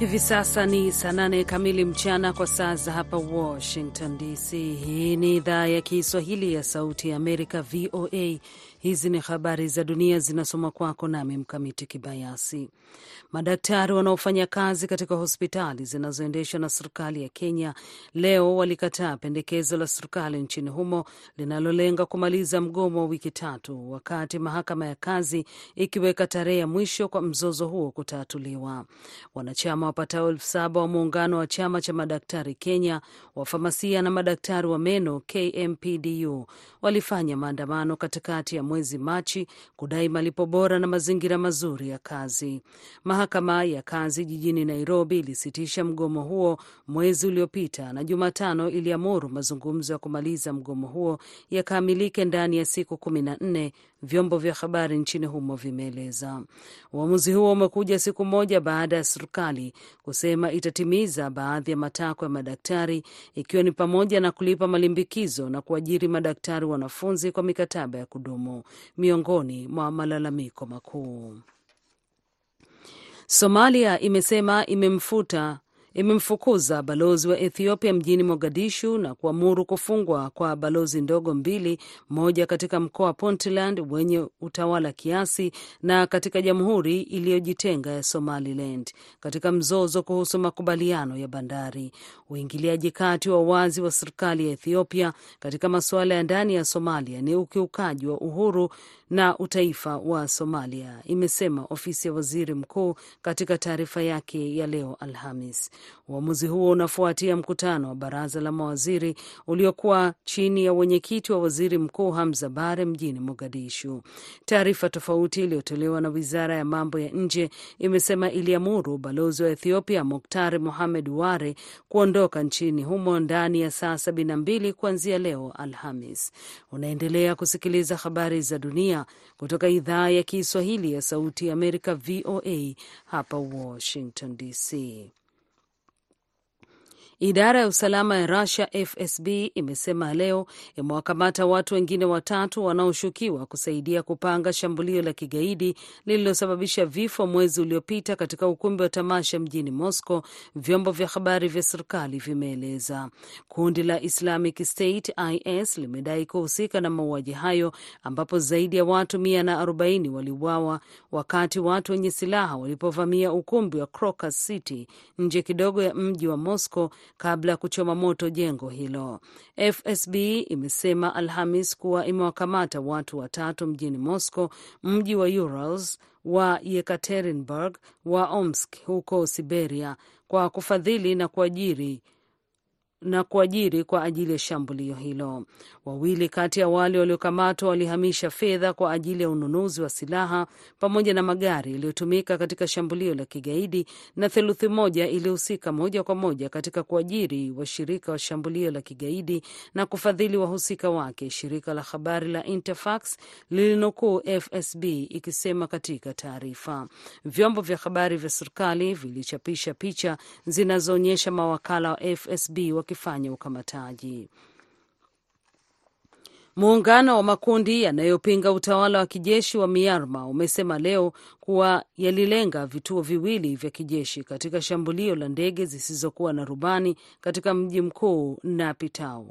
Hivi sasa ni saa nane kamili mchana kwa saa za hapa Washington DC. Hii ni idhaa ya Kiswahili ya Sauti ya Amerika, VOA. Hizi ni habari za dunia zinasoma kwako nami Mkamiti Kibayasi. Madaktari wanaofanya kazi katika hospitali zinazoendeshwa na serikali ya Kenya leo walikataa pendekezo la serikali nchini humo linalolenga kumaliza mgomo wa wiki tatu, wakati mahakama ya kazi ikiweka tarehe ya mwisho kwa mzozo huo kutatuliwa. Wanachama wapatao elfu saba wa muungano wa chama cha madaktari Kenya, wafamasia na madaktari wa meno KMPDU walifanya maandamano katikati ya mwezi Machi kudai malipo bora na mazingira mazuri ya kazi. Mahakama ya kazi jijini Nairobi ilisitisha mgomo huo mwezi uliopita na Jumatano iliamuru mazungumzo ya kumaliza mgomo huo yakamilike ndani ya siku kumi na nne vyombo vya habari nchini humo vimeeleza. Uamuzi huo umekuja siku moja baada ya serikali kusema itatimiza baadhi ya matakwa ya madaktari, ikiwa ni pamoja na kulipa malimbikizo na kuajiri madaktari wanafunzi kwa mikataba ya kudumu, miongoni mwa malalamiko makuu. Somalia imesema imemfuta imemfukuza balozi wa Ethiopia mjini Mogadishu na kuamuru kufungwa kwa balozi ndogo mbili, moja katika mkoa wa Puntland wenye utawala kiasi na katika jamhuri iliyojitenga ya Somaliland katika mzozo kuhusu makubaliano ya bandari. Uingiliaji kati wa wazi wa serikali ya Ethiopia katika masuala ya ndani ya Somalia ni ukiukaji wa uhuru na utaifa wa Somalia, imesema ofisi ya waziri mkuu katika taarifa yake ya leo Alhamis. Uamuzi huo unafuatia mkutano wa baraza la mawaziri uliokuwa chini ya wenyekiti wa waziri mkuu Hamza Bare mjini Mogadishu. Taarifa tofauti iliyotolewa na wizara ya mambo ya nje imesema iliamuru balozi wa Ethiopia Moktar Mohamed Ware kuondoka nchini humo ndani ya saa 72 kuanzia leo Alhamis. Unaendelea kusikiliza habari za dunia kutoka idhaa ya Kiswahili ya Sauti ya Amerika, VOA hapa Washington DC. Idara ya usalama ya Russia FSB imesema leo imewakamata watu wengine watatu wanaoshukiwa kusaidia kupanga shambulio la kigaidi lililosababisha vifo mwezi uliopita katika ukumbi wa tamasha mjini Moscow, vyombo vya habari vya serikali vimeeleza. Kundi la Islamic State IS limedai kuhusika na mauaji hayo ambapo zaidi ya watu mia na arobaini waliuawa wakati watu wenye silaha walipovamia ukumbi wa Crocus City nje kidogo ya mji wa Moscow kabla ya kuchoma moto jengo hilo. FSB imesema Alhamis kuwa imewakamata watu watatu mjini Moscow, mji wa Urals wa Yekaterinburg wa Omsk huko Siberia kwa kufadhili na kuajiri na kuajiri kwa ajili ya shambulio hilo. Wawili kati ya wale waliokamatwa walihamisha fedha kwa ajili ya ununuzi wa silaha pamoja na magari yaliyotumika katika shambulio la kigaidi, na theluthi moja ilihusika moja kwa moja katika kuajiri washirika wa shambulio la kigaidi na kufadhili wahusika wake, shirika la habari la Interfax lilinukuu FSB ikisema katika taarifa. Vyombo vya habari vya serikali vilichapisha picha zinazoonyesha mawakala wa FSB wa wakifanya ukamataji. Muungano wa makundi yanayopinga utawala wa kijeshi wa Myanmar umesema leo kuwa yalilenga vituo viwili vya kijeshi katika shambulio la ndege zisizokuwa na rubani katika mji mkuu Naypyidaw.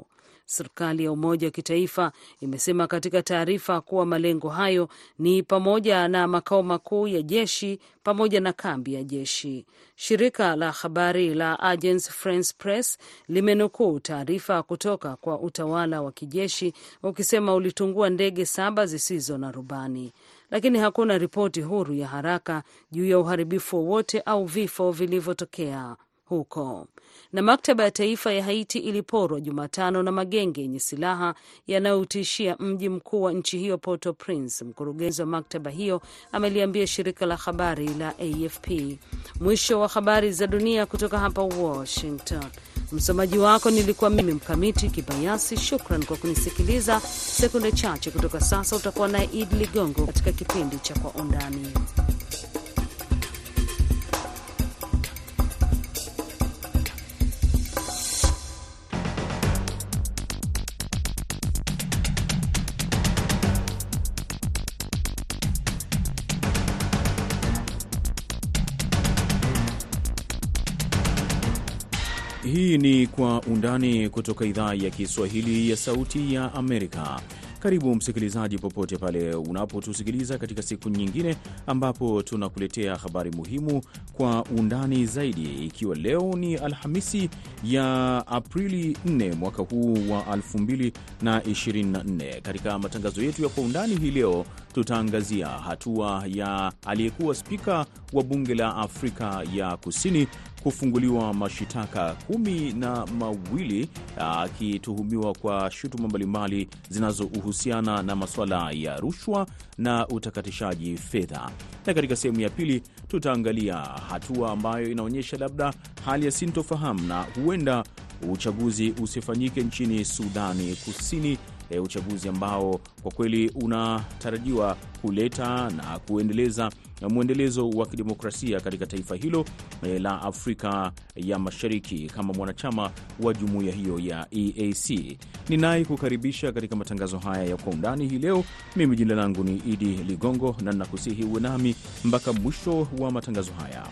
Serikali ya Umoja wa Kitaifa imesema katika taarifa kuwa malengo hayo ni pamoja na makao makuu ya jeshi pamoja na kambi ya jeshi. Shirika la habari la Agence France Presse limenukuu taarifa kutoka kwa utawala wa kijeshi ukisema ulitungua ndege saba zisizo na rubani lakini hakuna ripoti huru ya haraka juu ya uharibifu wowote au vifo vilivyotokea huko. Na maktaba ya taifa ya Haiti iliporwa Jumatano na magenge yenye silaha yanayotishia mji mkuu wa nchi hiyo porto prince Mkurugenzi wa maktaba hiyo ameliambia shirika la habari la AFP. Mwisho wa habari za dunia kutoka hapa Washington. Msomaji wako nilikuwa mimi Mkamiti Kibayasi. Shukran kwa kunisikiliza. Sekunde chache kutoka sasa utakuwa naye Idi Ligongo katika kipindi cha Kwa Undani. undani kutoka idhaa ya Kiswahili ya Sauti ya Amerika. Karibu msikilizaji, popote pale unapotusikiliza katika siku nyingine ambapo tunakuletea habari muhimu kwa undani zaidi, ikiwa leo ni Alhamisi ya Aprili 4 mwaka huu wa 224 Katika matangazo yetu ya kwa undani hii leo tutaangazia hatua ya aliyekuwa spika wa bunge la Afrika ya Kusini kufunguliwa mashitaka kumi na mawili akituhumiwa kwa shutuma mbalimbali zinazohusiana na masuala ya rushwa na utakatishaji fedha, na katika sehemu ya pili tutaangalia hatua ambayo inaonyesha labda hali ya sintofahamu na huenda uchaguzi usifanyike nchini Sudani Kusini e, uchaguzi ambao kwa kweli unatarajiwa kuleta na kuendeleza mwendelezo wa kidemokrasia katika taifa hilo e, la Afrika ya Mashariki kama mwanachama wa jumuiya hiyo ya EAC. Ninaye kukaribisha katika matangazo haya ya kwa undani hii leo. Mimi jina langu ni Idi Ligongo na ninakusihi uwe nami mpaka mwisho wa matangazo haya.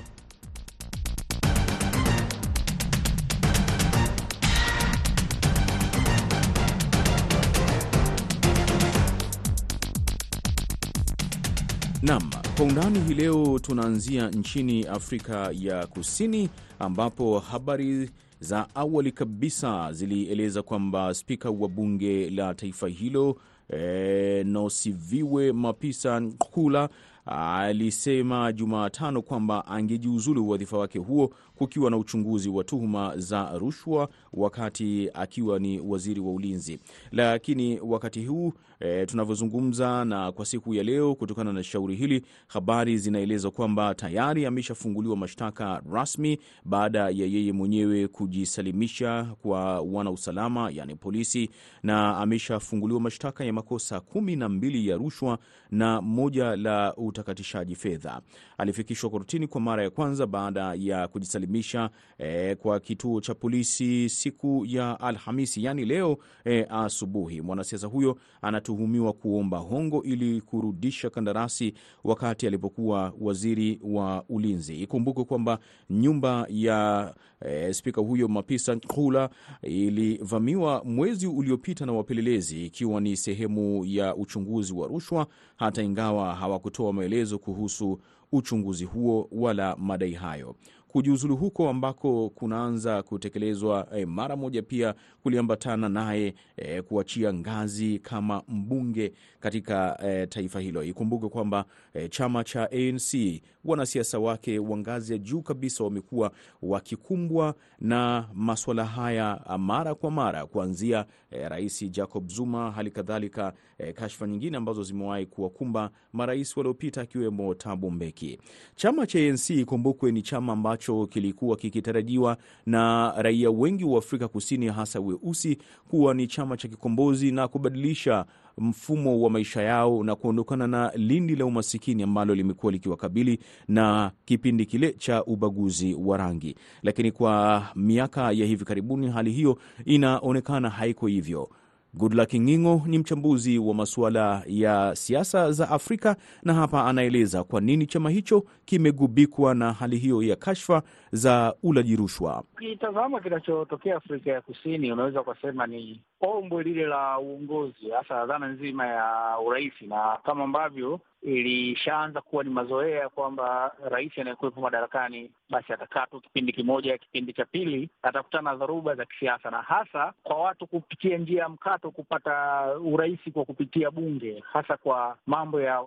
Nam kwa undani hii leo, tunaanzia nchini Afrika ya Kusini ambapo habari za awali kabisa zilieleza kwamba spika wa bunge la taifa hilo e, Nosiviwe Mapisa Nkula alisema Jumatano kwamba angejiuzulu wadhifa wake huo kukiwa na uchunguzi wa tuhuma za rushwa wakati akiwa ni waziri wa ulinzi. Lakini wakati huu e, tunavyozungumza na kwa siku ya leo, kutokana na shauri hili, habari zinaeleza kwamba tayari ameshafunguliwa mashtaka rasmi baada ya yeye mwenyewe kujisalimisha kwa wanausalama, yani polisi, na ameshafunguliwa mashtaka ya makosa kumi na mbili ya rushwa na moja la utakatishaji fedha. Alifikishwa kortini kwa mara ya kwanza baada ya kujisalimisha kuadhimisha e, eh, kwa kituo cha polisi siku ya Alhamisi, yani leo e, asubuhi. Mwanasiasa huyo anatuhumiwa kuomba hongo ili kurudisha kandarasi wakati alipokuwa waziri wa ulinzi. Ikumbukwe kwamba nyumba ya e, spika huyo Mapisa Nkula ilivamiwa mwezi uliopita na wapelelezi ikiwa ni sehemu ya uchunguzi wa rushwa, hata ingawa hawakutoa maelezo kuhusu uchunguzi huo wala madai hayo. Kujiuzulu huko ambako kunaanza kutekelezwa e, mara moja pia kuliambatana naye e, kuachia ngazi kama mbunge katika e, taifa hilo. Ikumbuke kwamba e, chama cha ANC wanasiasa wake wa ngazi ya juu kabisa wamekuwa wakikumbwa na maswala haya mara kwa mara, kuanzia eh, Rais Jacob Zuma, hali kadhalika eh, kashfa nyingine ambazo zimewahi kuwakumba marais waliopita akiwemo Thabo Mbeki. Chama cha ANC ikumbukwe, ni chama ambacho kilikuwa kikitarajiwa na raia wengi wa Afrika Kusini, hasa weusi, kuwa ni chama cha kikombozi na kubadilisha mfumo wa maisha yao na kuondokana na lindi la umasikini ambalo limekuwa likiwakabili na kipindi kile cha ubaguzi wa rangi. Lakini kwa miaka ya hivi karibuni hali hiyo inaonekana haiko hivyo. Goodluck Ngingo ni mchambuzi wa masuala ya siasa za Afrika na hapa anaeleza kwa nini chama hicho kimegubikwa na hali hiyo ya kashfa za ulaji rushwa. Ukitazama kinachotokea Afrika ya Kusini, unaweza ukasema ni ombwe lile la uongozi, hasa dhana nzima ya urais, na kama ambavyo ilishaanza kuwa ni mazoea kwamba rais anayekuwepo madarakani basi atakaa tu kipindi kimoja, kipindi cha pili atakutana na dharuba za kisiasa, na hasa kwa watu kupitia njia ya mkato kupata urais kwa kupitia bunge, hasa kwa mambo ya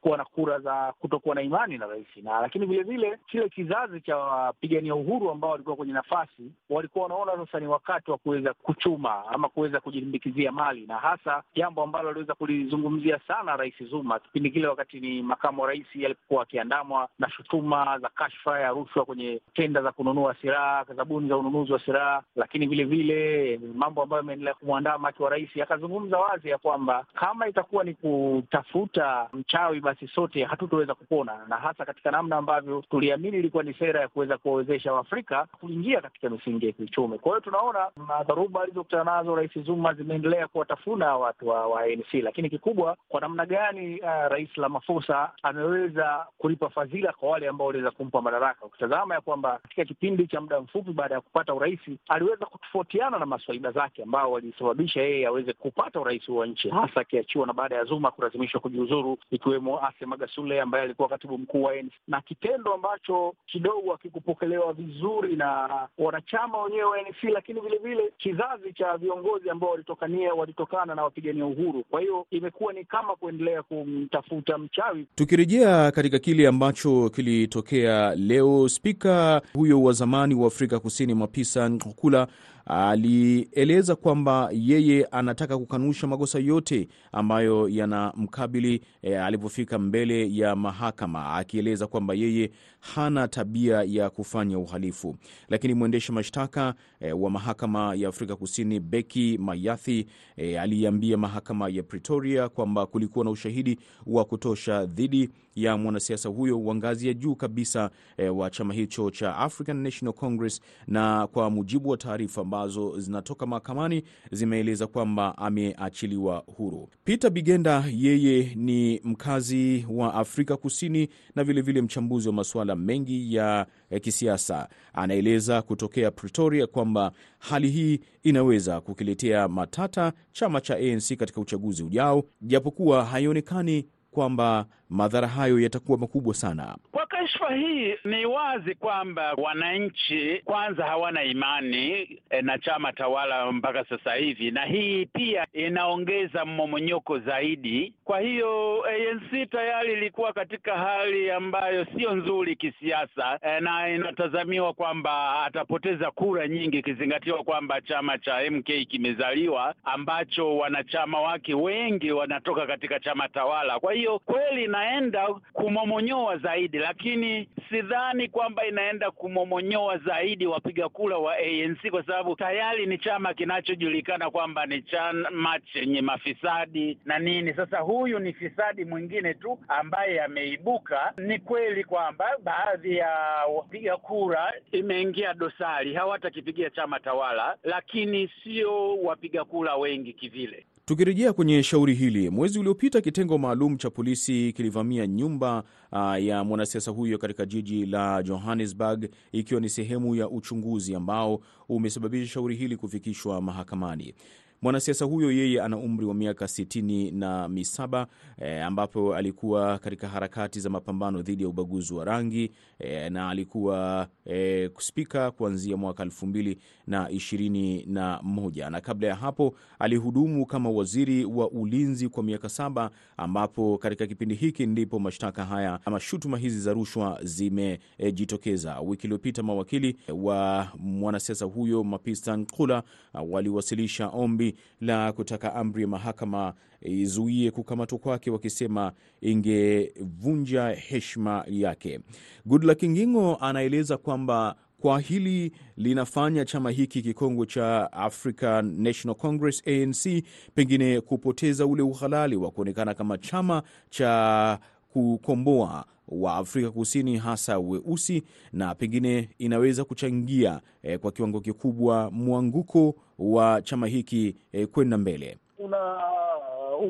kuwa na kura za kutokuwa na imani na rais. Na lakini vilevile kile kizazi cha wapigania uhuru ambao walikuwa kwenye nafasi walikuwa wanaona sasa ni wakati wa kuweza kuchuma ama kuweza kujilimbikizia mali, na hasa jambo ambalo aliweza kulizungumzia sana Rais Zuma kipindi kila wakati ni makamu wa rais alipokuwa akiandamwa na shutuma za kashfa ya rushwa kwenye tenda za kununua silaha, zabuni za ununuzi wa silaha, lakini vilevile mambo ambayo kumwandaa kumwandama akiwa rais, akazungumza wazi ya kwamba kama itakuwa ni kutafuta mchawi, basi sote hatutoweza kupona, na hasa katika namna ambavyo tuliamini ilikuwa ni sera ya kuweza kuwawezesha Waafrika kuingia katika misingi ya kiuchumi. Kwa hiyo tunaona madharuba alizokutana nazo Rais Zuma zimeendelea kuwatafuna watu wa ANC, lakini kikubwa kwa namna gani uh, rais Ramaphosa ameweza kulipa fadhila kwa wale ambao waliweza kumpa madaraka, ukitazama ya kwamba katika kipindi cha muda mfupi baada ya kupata urais aliweza kutofautiana na maswahiba zake ambao walisababisha yeye aweze kupata urais wa nchi, hasa akiachiwa na baada ya Zuma kulazimishwa kujiuzuru, ikiwemo Ase Magasule ambaye alikuwa katibu mkuu wa ANC, na kitendo ambacho kidogo akikupokelewa vizuri na wanachama wenyewe wa ANC, lakini vilevile kizazi cha viongozi ambao walitokania walitokana na wapigania uhuru. Kwa hiyo imekuwa ni kama kuendelea kumtafuta kumvuta mchawi. Tukirejea katika kile ambacho kilitokea leo, spika huyo wa zamani wa Afrika Kusini Mapisa Nqakula alieleza kwamba yeye anataka kukanusha makosa yote ambayo yanamkabili e, alipofika mbele ya mahakama, akieleza kwamba yeye hana tabia ya kufanya uhalifu. Lakini mwendesha mashtaka e, wa mahakama ya Afrika Kusini Beki Mayathi e, aliambia mahakama ya Pretoria kwamba kulikuwa na ushahidi wa kutosha dhidi ya mwanasiasa huyo wa ngazi ya juu kabisa e, wa chama hicho cha African National Congress, na kwa mujibu wa taarifa ambazo zinatoka mahakamani zimeeleza kwamba ameachiliwa huru. Peter Bigenda yeye ni mkazi wa Afrika Kusini na vilevile vile mchambuzi wa masuala mengi ya e, kisiasa, anaeleza kutokea Pretoria kwamba hali hii inaweza kukiletea matata chama cha ANC katika uchaguzi ujao, japokuwa haionekani kwamba madhara hayo yatakuwa makubwa sana. Kwa kashfa hii, ni wazi kwamba wananchi kwanza hawana imani e, na chama tawala mpaka sasa hivi, na hii pia inaongeza mmomonyoko zaidi. Kwa hiyo ANC e, tayari ilikuwa katika hali ambayo sio nzuri kisiasa e, na inatazamiwa kwamba atapoteza kura nyingi, ikizingatiwa kwamba chama cha MK kimezaliwa ambacho wanachama wake wengi wanatoka katika chama tawala. Kwa hiyo kweli na inaenda kumomonyoa zaidi, lakini sidhani kwamba inaenda kumomonyoa zaidi wapiga kura wa ANC kwa sababu tayari ni chama kinachojulikana kwamba ni chama chenye mafisadi na nini. Sasa huyu ni fisadi mwingine tu ambaye ameibuka. Ni kweli kwamba baadhi ya wapiga kura imeingia dosari, hawatakipigia chama tawala, lakini sio wapiga kura wengi kivile. Tukirejea kwenye shauri hili, mwezi uliopita kitengo maalum cha polisi kilivamia nyumba uh, ya mwanasiasa huyo katika jiji la Johannesburg, ikiwa ni sehemu ya uchunguzi ambao umesababisha shauri hili kufikishwa mahakamani. Mwanasiasa huyo yeye ana umri wa miaka sitini na misaba e, ambapo alikuwa katika harakati za mapambano dhidi ya ubaguzi wa rangi e, na alikuwa e, eh, spika kuanzia mwaka elfu mbili na ishirini na moja na kabla ya hapo alihudumu kama waziri wa ulinzi kwa miaka saba ambapo katika kipindi hiki ndipo mashtaka haya ama shutuma hizi za rushwa zimejitokeza. E, wiki iliyopita mawakili wa mwanasiasa huyo Mapisa Nkula waliwasilisha ombi la kutaka amri ya mahakama izuie kukamatwa kwake, wakisema ingevunja heshima yake. Goodluck Ngingo anaeleza kwamba kwa hili linafanya chama hiki kikongwe cha African National Congress ANC pengine kupoteza ule uhalali wa kuonekana kama chama cha kukomboa wa Afrika Kusini, hasa weusi, na pengine inaweza kuchangia eh, kwa kiwango kikubwa mwanguko wa chama hiki eh, kwenda mbele. Una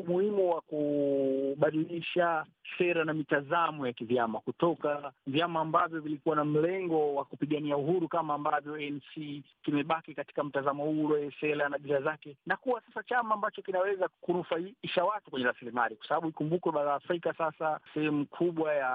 umuhimu wa kubadilisha sera na mitazamo ya kivyama kutoka vyama ambavyo vilikuwa na mlengo wa kupigania uhuru kama ambavyo ANC kimebaki katika mtazamo huu ule, na bidhaa zake, na kuwa sasa chama ambacho kinaweza kunufaisha watu kwenye rasilimali, kwa sababu ikumbukwe, bara Afrika sasa sehemu kubwa ya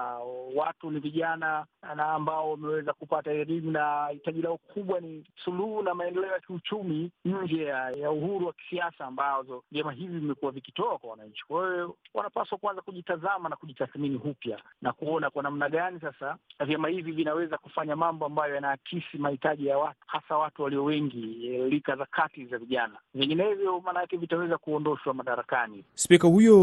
watu ni vijana na ambao wameweza kupata elimu na hitaji lao kubwa ni suluhu na maendeleo ya kiuchumi nje ya uhuru wa kisiasa ambazo vyama hivi vimekuwa vikitoa kutoa kwa wananchi. Kwa hiyo wanapaswa kwanza kujitazama na kujitathmini upya na kuona kwa namna gani sasa vyama hivi vinaweza kufanya mambo ambayo yanaakisi mahitaji ya watu, hasa watu walio wengi, eh, rika za kati za vijana. Vinginevyo maana yake vitaweza kuondoshwa madarakani. Spika huyo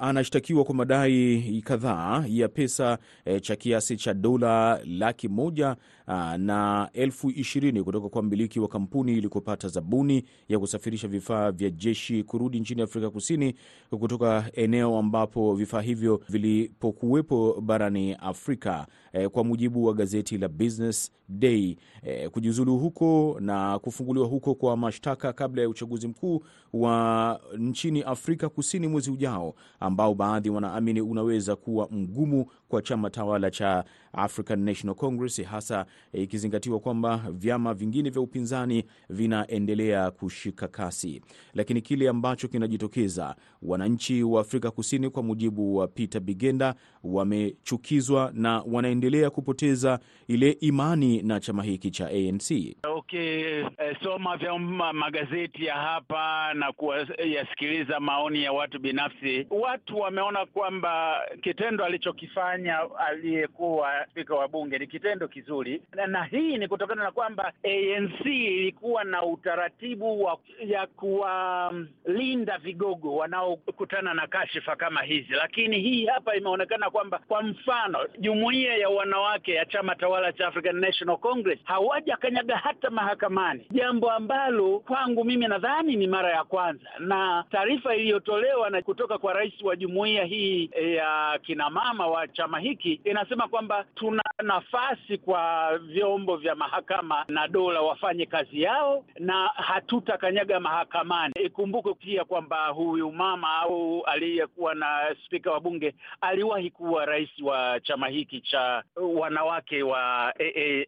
anashtakiwa kwa madai kadhaa ya pesa e, cha kiasi cha dola laki moja Ah, na elfu ishirini kutoka kwa mmiliki wa kampuni ili kupata zabuni ya kusafirisha vifaa vya jeshi kurudi nchini Afrika Kusini kutoka eneo ambapo vifaa hivyo vilipokuwepo barani Afrika e, kwa mujibu wa gazeti la Business Day. E, kujiuzulu huko na kufunguliwa huko kwa mashtaka kabla ya uchaguzi mkuu wa nchini Afrika Kusini mwezi ujao, ambao baadhi wanaamini unaweza kuwa mgumu kwa chama tawala cha African National Congress, hasa ikizingatiwa kwamba vyama vingine vya upinzani vinaendelea kushika kasi. Lakini kile ambacho kinajitokeza, wananchi wa Afrika Kusini, kwa mujibu wa Peter Bigenda, wamechukizwa na wanaendelea kupoteza ile imani na chama hiki cha ANC. Ukisoma okay, vyama magazeti ya hapa na kuyasikiliza maoni ya watu binafsi, watu wameona kwamba kitendo alichokifanya aliyekuwa spika wa bunge ni kitendo kizuri na, na hii ni kutokana na kwamba ANC ilikuwa na utaratibu wa ya kuwalinda vigogo wanaokutana na kashifa kama hizi, lakini hii hapa imeonekana kwamba kwa mfano jumuiya ya wanawake ya chama tawala cha African National Congress hawajakanyaga hata mahakamani, jambo ambalo kwangu mimi nadhani ni mara ya kwanza, na taarifa iliyotolewa na kutoka kwa rais wa jumuiya hii eh, ya kinamama wa chama hiki inasema kwamba tuna nafasi kwa vyombo vya mahakama na dola wafanye kazi yao, na hatutakanyaga mahakamani. Ikumbukwe pia kwamba huyu mama au aliyekuwa na spika wa bunge aliwahi kuwa rais wa chama hiki cha wanawake wa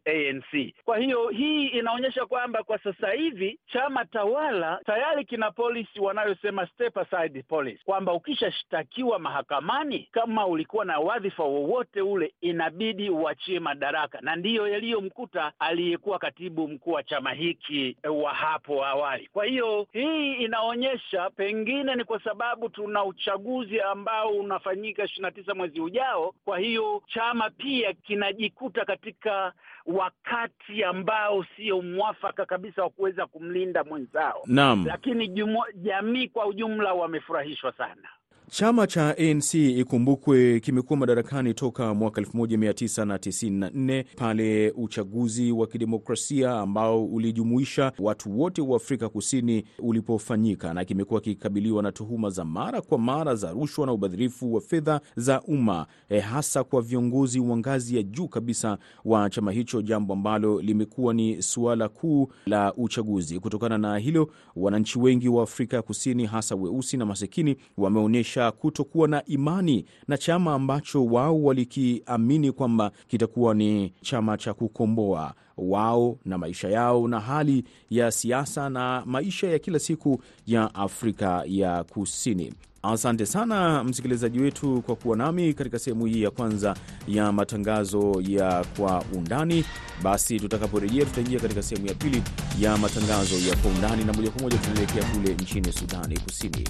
ANC. Kwa hiyo hii inaonyesha kwamba kwa sasa hivi chama tawala tayari kina polisi wanayosema step aside kwamba ukishashtakiwa mahakamani, kama ulikuwa na wadhifa wowote ule, inabidi inabidi uachie madaraka, na ndiyo yaliyomkuta aliyekuwa katibu mkuu wa chama hiki e, wa hapo awali. Kwa hiyo hii inaonyesha pengine ni kwa sababu tuna uchaguzi ambao unafanyika ishirini na tisa mwezi ujao. Kwa hiyo chama pia kinajikuta katika wakati ambao sio mwafaka kabisa wa kuweza kumlinda mwenzao. Naam, lakini jamii kwa ujumla wamefurahishwa sana. Chama cha ANC ikumbukwe, kimekuwa madarakani toka mwaka 1994 pale uchaguzi wa kidemokrasia ambao ulijumuisha watu wote wa Afrika Kusini ulipofanyika, na kimekuwa kikikabiliwa na tuhuma za mara kwa mara za rushwa na ubadhirifu wa fedha za umma e, hasa kwa viongozi wa ngazi ya juu kabisa wa chama hicho, jambo ambalo limekuwa ni suala kuu la uchaguzi. Kutokana na hilo, wananchi wengi wa Afrika Kusini, hasa weusi na masikini, wameonyesha cha kutokuwa na imani na chama ambacho wao walikiamini kwamba kitakuwa ni chama cha kukomboa wao na maisha yao na hali ya siasa na maisha ya kila siku ya Afrika ya Kusini. Asante sana msikilizaji wetu kwa kuwa nami katika sehemu hii ya kwanza ya matangazo ya Kwa Undani. Basi tutakaporejea, tutaingia katika sehemu ya pili ya matangazo ya Kwa Undani, na moja kwa moja tunaelekea kule nchini Sudani Kusini.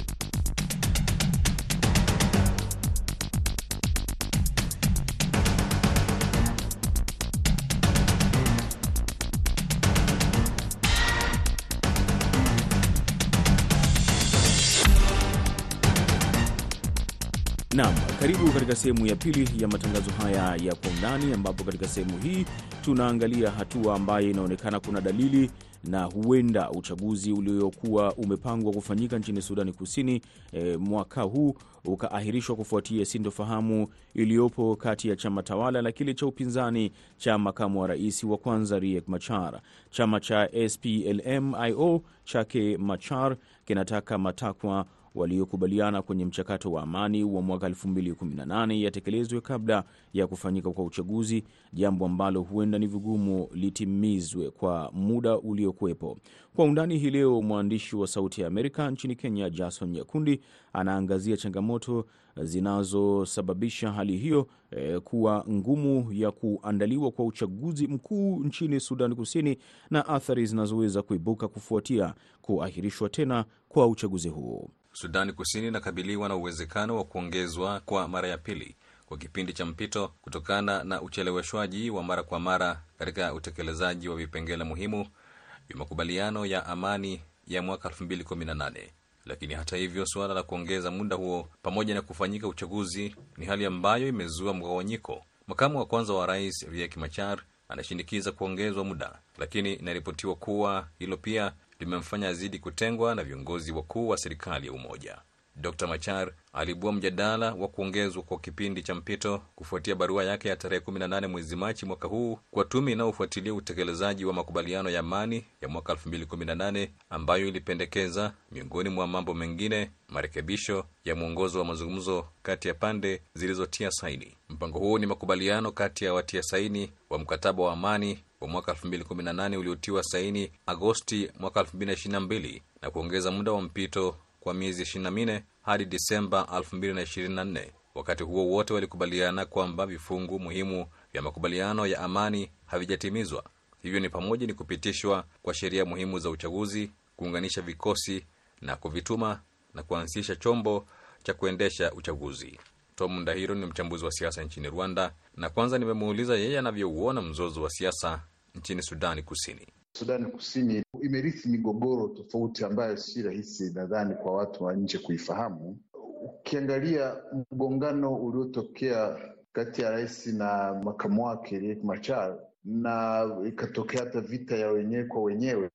katika sehemu ya pili ya matangazo haya ya kwa undani, ambapo katika sehemu hii tunaangalia hatua ambayo inaonekana kuna dalili na huenda uchaguzi uliokuwa umepangwa kufanyika nchini Sudani Kusini e, mwaka huu ukaahirishwa kufuatia sintofahamu iliyopo kati ya chama tawala na kile cha upinzani cha makamu wa rais wa kwanza Riek Machar. Chama cha splmio chake Machar kinataka matakwa waliokubaliana kwenye mchakato wa amani wa mwaka 2018 yatekelezwe kabla ya kufanyika kwa uchaguzi, jambo ambalo huenda ni vigumu litimizwe kwa muda uliokuwepo. Kwa undani hii leo, mwandishi wa Sauti ya Amerika nchini Kenya, Jason Nyakundi, anaangazia changamoto zinazosababisha hali hiyo e, kuwa ngumu ya kuandaliwa kwa uchaguzi mkuu nchini Sudan Kusini na athari zinazoweza kuibuka kufuatia kuahirishwa tena kwa uchaguzi huo. Sudani Kusini inakabiliwa na uwezekano wa kuongezwa kwa mara ya pili kwa kipindi cha mpito kutokana na ucheleweshwaji wa mara kwa mara katika utekelezaji wa vipengele muhimu vya makubaliano ya amani ya mwaka 2018. Lakini hata hivyo, suala la kuongeza muda huo pamoja na kufanyika uchaguzi ni hali ambayo imezua mgawanyiko. Makamu wa kwanza wa rais Riek Machar anashinikiza kuongezwa muda, lakini inaripotiwa kuwa hilo pia limemfanya azidi kutengwa na viongozi wakuu wa serikali ya umoja. Dr Machar alibua mjadala wa kuongezwa kwa kipindi cha mpito kufuatia barua yake ya tarehe 18 mwezi Machi mwaka huu kwa tume inayofuatilia utekelezaji wa makubaliano ya amani ya mwaka 2018 ambayo ilipendekeza miongoni mwa mambo mengine marekebisho ya mwongozo wa mazungumzo kati ya pande zilizotia saini. Mpango huu ni makubaliano kati ya watia saini wa mkataba wa amani wa mwaka 2018 uliotiwa saini Agosti mwaka 2022 na kuongeza muda wa mpito kwa miezi 24 hadi Disemba 2024. Wakati huo wote walikubaliana kwamba vifungu muhimu vya makubaliano ya amani havijatimizwa. Hivyo ni pamoja ni kupitishwa kwa sheria muhimu za uchaguzi, kuunganisha vikosi na kuvituma na kuanzisha chombo cha kuendesha uchaguzi. Tom Ndahiro ni mchambuzi wa siasa nchini Rwanda, na kwanza nimemuuliza yeye anavyouona mzozo wa siasa nchini Sudani Kusini. Sudani Kusini imerithi migogoro tofauti ambayo si rahisi nadhani kwa watu wa nje kuifahamu. Ukiangalia mgongano uliotokea kati ya rais na makamu wake Riek Machar na ikatokea hata vita ya wenyewe kwa wenyewe,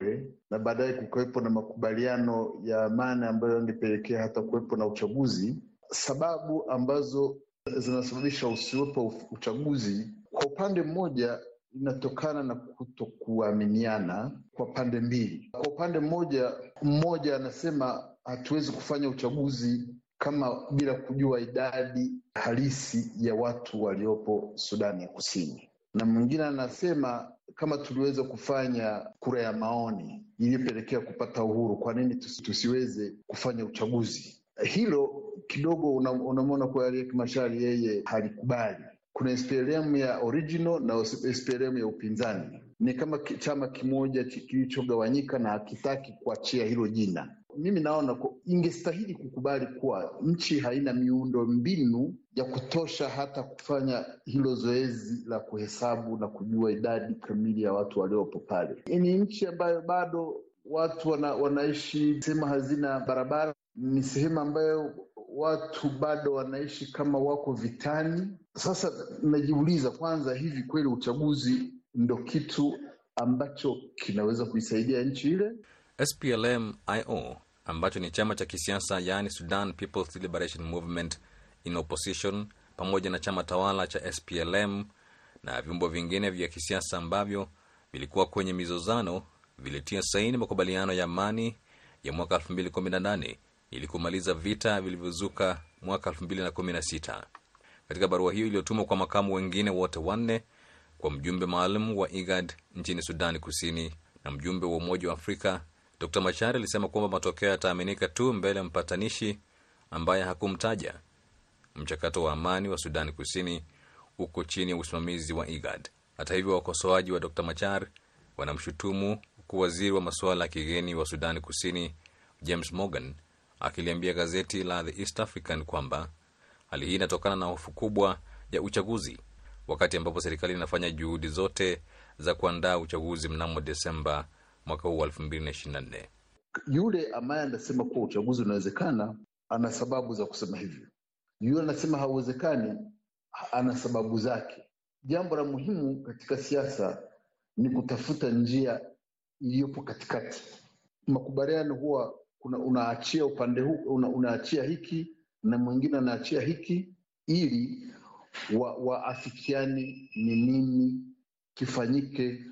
na baadaye kukawepo na makubaliano ya amani ambayo yangepelekea hata kuwepo na uchaguzi. Sababu ambazo zinasababisha usiwepo uchaguzi, kwa upande mmoja inatokana na kutokuaminiana kwa pande mbili. Kwa upande mmoja, mmoja anasema hatuwezi kufanya uchaguzi kama bila kujua idadi halisi ya watu waliopo Sudani ya Kusini, na mwingine anasema kama tuliweza kufanya kura ya maoni iliyopelekea kupata uhuru, kwa nini tusiweze kufanya uchaguzi? Hilo kidogo unamwona kwa Riek Machar, yeye halikubali kuna SPLM ya original na SPLM ya upinzani. Ni kama chama kimoja kilichogawanyika na hakitaki kuachia hilo jina. Mimi naona ingestahili kukubali kuwa nchi haina miundo mbinu ya kutosha hata kufanya hilo zoezi la kuhesabu na kujua idadi kamili ya watu waliopo pale. Eh, ni nchi ambayo bado watu wana, wanaishi sehemu hazina barabara, ni sehemu ambayo watu bado wanaishi kama wako vitani. Sasa najiuliza kwanza, hivi kweli uchaguzi ndo kitu ambacho kinaweza kuisaidia nchi ile? SPLM-IO ambacho ni chama cha kisiasa yaani Sudan People's Liberation Movement in Opposition, pamoja na chama tawala cha SPLM na vyombo vingine vya kisiasa ambavyo vilikuwa kwenye mizozano vilitia saini makubaliano ya amani ya mwaka ili kumaliza vita vilivyozuka mwaka 2016. Katika barua hiyo iliyotumwa kwa makamu wengine wote wanne kwa mjumbe maalum wa IGAD nchini Sudani Kusini na mjumbe wa Umoja wa Afrika, Dr Machar alisema kwamba matokeo yataaminika tu mbele ya mpatanishi ambaye hakumtaja. Mchakato wa amani wa Sudani Kusini uko chini ya usimamizi wa IGAD. Hata hivyo, wakosoaji wa Dr Machar wanamshutumu kuwa waziri wa masuala ya kigeni wa Sudani Kusini James Morgan akiliambia gazeti la The East African kwamba hali hii inatokana na hofu kubwa ya uchaguzi, wakati ambapo serikali inafanya juhudi zote za kuandaa uchaguzi mnamo Desemba mwaka huu wa 2024. Yule ambaye anasema kuwa uchaguzi unawezekana ana sababu za kusema hivyo, yule anasema hauwezekani ana sababu zake. Jambo la muhimu katika siasa ni kutafuta njia iliyopo katikati. Makubaliano huwa una, unaachia upande huu una, unaachia hiki na mwingine anaachia hiki ili waafikiani wa ni nini kifanyike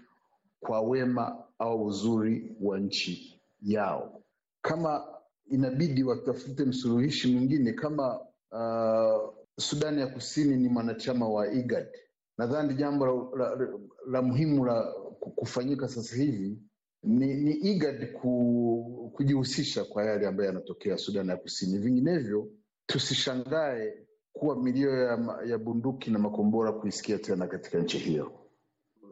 kwa wema au uzuri wa nchi yao. Kama inabidi watafute msuluhishi mwingine, kama uh, Sudani ya Kusini ni mwanachama wa IGAD, nadhani jambo la, la, la, la muhimu la kufanyika sasa hivi ni, ni IGAD ku, kujihusisha kwa yale ambayo yanatokea Sudan ya Kusini. Vinginevyo tusishangae kuwa milio ya, ya bunduki na makombora kuisikia tena katika nchi hiyo.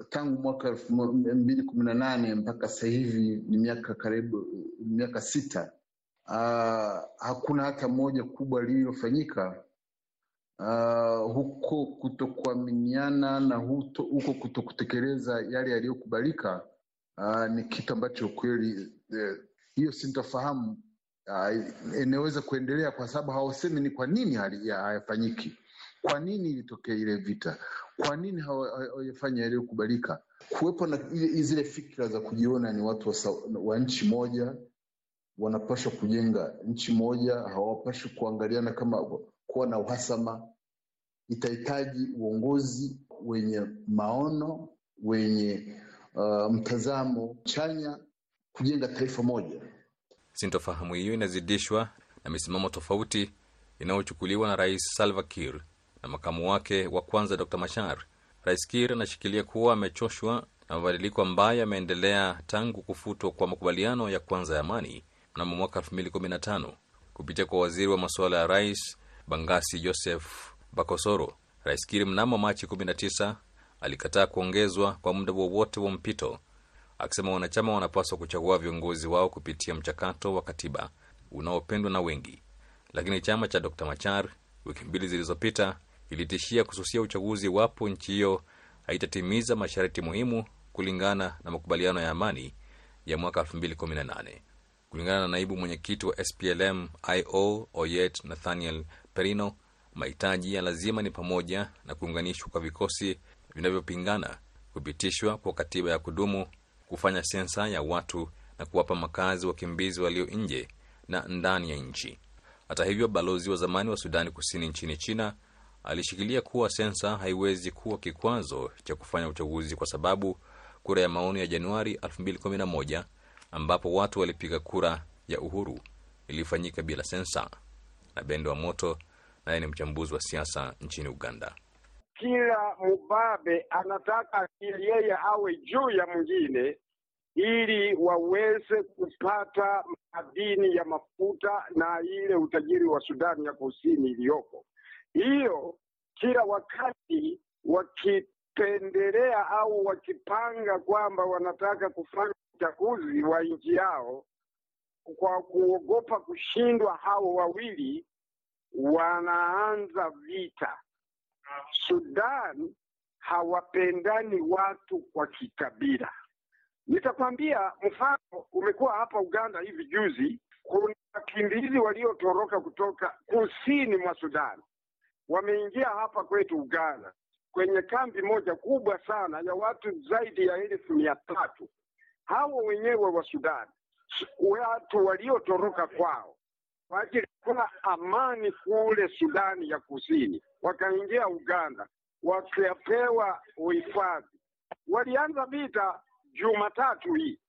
Tangu mwaka elfu mbili kumi na nane mpaka sasa hivi ni miaka karibu miaka sita. Uh, hakuna hata moja kubwa lililofanyika uh, huko kutokuaminiana na huto, huko kutokutekeleza yale yaliyokubalika uh, ni kitu ambacho kweli eh, hiyo uh, sintofahamu uh, inaweza kuendelea kwa sababu hawasemi ni kwa nini hayafanyiki, kwa nini ilitokea ile vita, kwa nini hawajafanya yaliyokubalika. Kuwepo na zile fikra za kujiona ni watu wa, wa nchi moja, wanapashwa kujenga nchi moja, hawapashwi kuangaliana kama kuwa na uhasama. Itahitaji uongozi wenye maono, wenye uh, mtazamo chanya kujenga taifa moja. Sintofahamu hiyo inazidishwa na misimamo tofauti inayochukuliwa na Rais Salva Kiir na makamu wake wa kwanza Dr. Machar. Rais Kiir anashikilia kuwa amechoshwa na mabadiliko ambayo yameendelea tangu kufutwa kwa makubaliano ya kwanza ya amani mnamo mwaka 2015 kupitia kwa waziri wa masuala ya rais Bangasi Joseph Bakosoro. Rais Kiir mnamo Machi alikataa kuongezwa kwa muda wowote wa mpito, akisema wanachama wanapaswa kuchagua viongozi wao kupitia mchakato wa katiba unaopendwa na wengi. Lakini chama cha Dr Machar wiki mbili zilizopita ilitishia kususia uchaguzi iwapo nchi hiyo haitatimiza masharti muhimu kulingana na makubaliano ya amani ya mwaka 2018. Kulingana na naibu mwenyekiti wa SPLM IO Oyet Nathaniel Perino, mahitaji ya lazima ni pamoja na kuunganishwa kwa vikosi vinavyopingana, kupitishwa kwa katiba ya kudumu, kufanya sensa ya watu na kuwapa makazi wakimbizi walio nje na ndani ya nchi. Hata hivyo, balozi wa zamani wa Sudani Kusini nchini China alishikilia kuwa sensa haiwezi kuwa kikwazo cha kufanya uchaguzi kwa sababu kura ya maoni ya Januari 2011 ambapo watu walipiga kura ya uhuru ilifanyika bila sensa. Na Bendo wa Moto naye ni mchambuzi wa siasa nchini Uganda kila mubabe anataka yeye awe juu ya mwingine ili waweze kupata madini ya mafuta na ile utajiri wa Sudani ya Kusini iliyopo. Hiyo kila wakati wakipendelea au wakipanga kwamba wanataka kufanya uchaguzi wa nchi yao kwa kuogopa kushindwa, hao wawili wanaanza vita Sudan hawapendani watu kwa kikabila. Nitakwambia mfano, umekuwa hapa Uganda hivi juzi, kuna wakimbizi waliotoroka kutoka kusini mwa Sudan wameingia hapa kwetu Uganda kwenye kambi moja kubwa sana ya watu zaidi ya elfu mia tatu hawa wenyewe wa Sudan, watu waliotoroka kwao kwa ajili ya amani kule Sudani ya Kusini wakaingia Uganda wakapewa uhifadhi. Walianza vita Jumatatu hii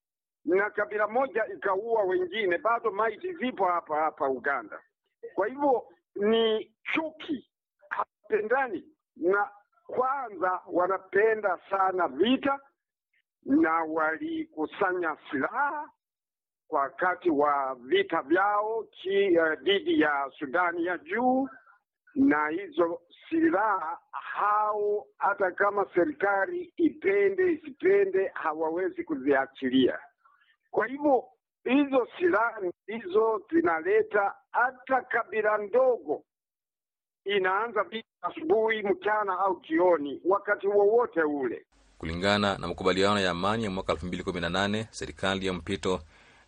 na kabila moja ikaua wengine, bado maiti zipo hapa hapa Uganda. Kwa hivyo ni chuki, hapendani, na kwanza wanapenda sana vita, na walikusanya silaha wakati wa vita vyao eh, dhidi uh, ya Sudani ya juu na hizo silaha hao, hata kama serikali ipende isipende, hawawezi kuziachilia. Kwa hivyo hizo silaha ndizo zinaleta hata kabila ndogo inaanza vita asubuhi, mchana au jioni, wakati wowote ule. Kulingana na makubaliano ya amani ya mwaka elfu mbili kumi na nane, serikali ya mpito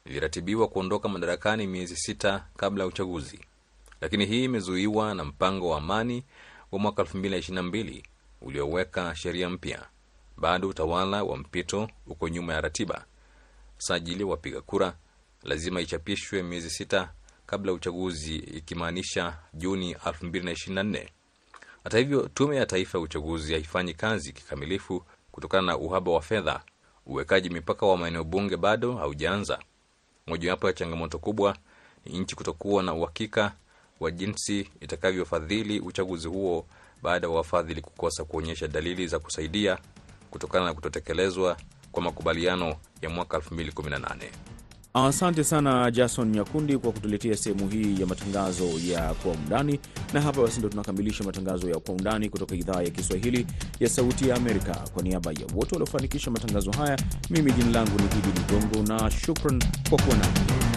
iliratibiwa kuondoka madarakani miezi sita kabla ya uchaguzi lakini hii imezuiwa na mpango wa amani wa mwaka 2022 ulioweka sheria mpya. Bado utawala wa mpito uko nyuma ya ratiba. Sajili ya wapiga kura lazima ichapishwe miezi sita kabla ya uchaguzi, ikimaanisha Juni 2024. Hata hivyo, Tume ya Taifa ya Uchaguzi haifanyi kazi kikamilifu kutokana na uhaba wa fedha. Uwekaji mipaka wa maeneo bunge bado haujaanza. Mojawapo ya changamoto kubwa ni nchi kutokuwa na uhakika wa jinsi itakavyofadhili uchaguzi huo baada ya wafadhili kukosa kuonyesha dalili za kusaidia kutokana na kutotekelezwa kwa makubaliano ya mwaka 2018. Asante sana Jason Nyakundi kwa kutuletea sehemu hii ya matangazo ya Kwa Undani. Na hapa basi ndo tunakamilisha matangazo ya Kwa Undani kutoka idhaa ya Kiswahili ya Sauti ya Amerika. Kwa niaba ya wote waliofanikisha matangazo haya, mimi jina langu ni hidi Ligongo na shukran kwa kuwa nani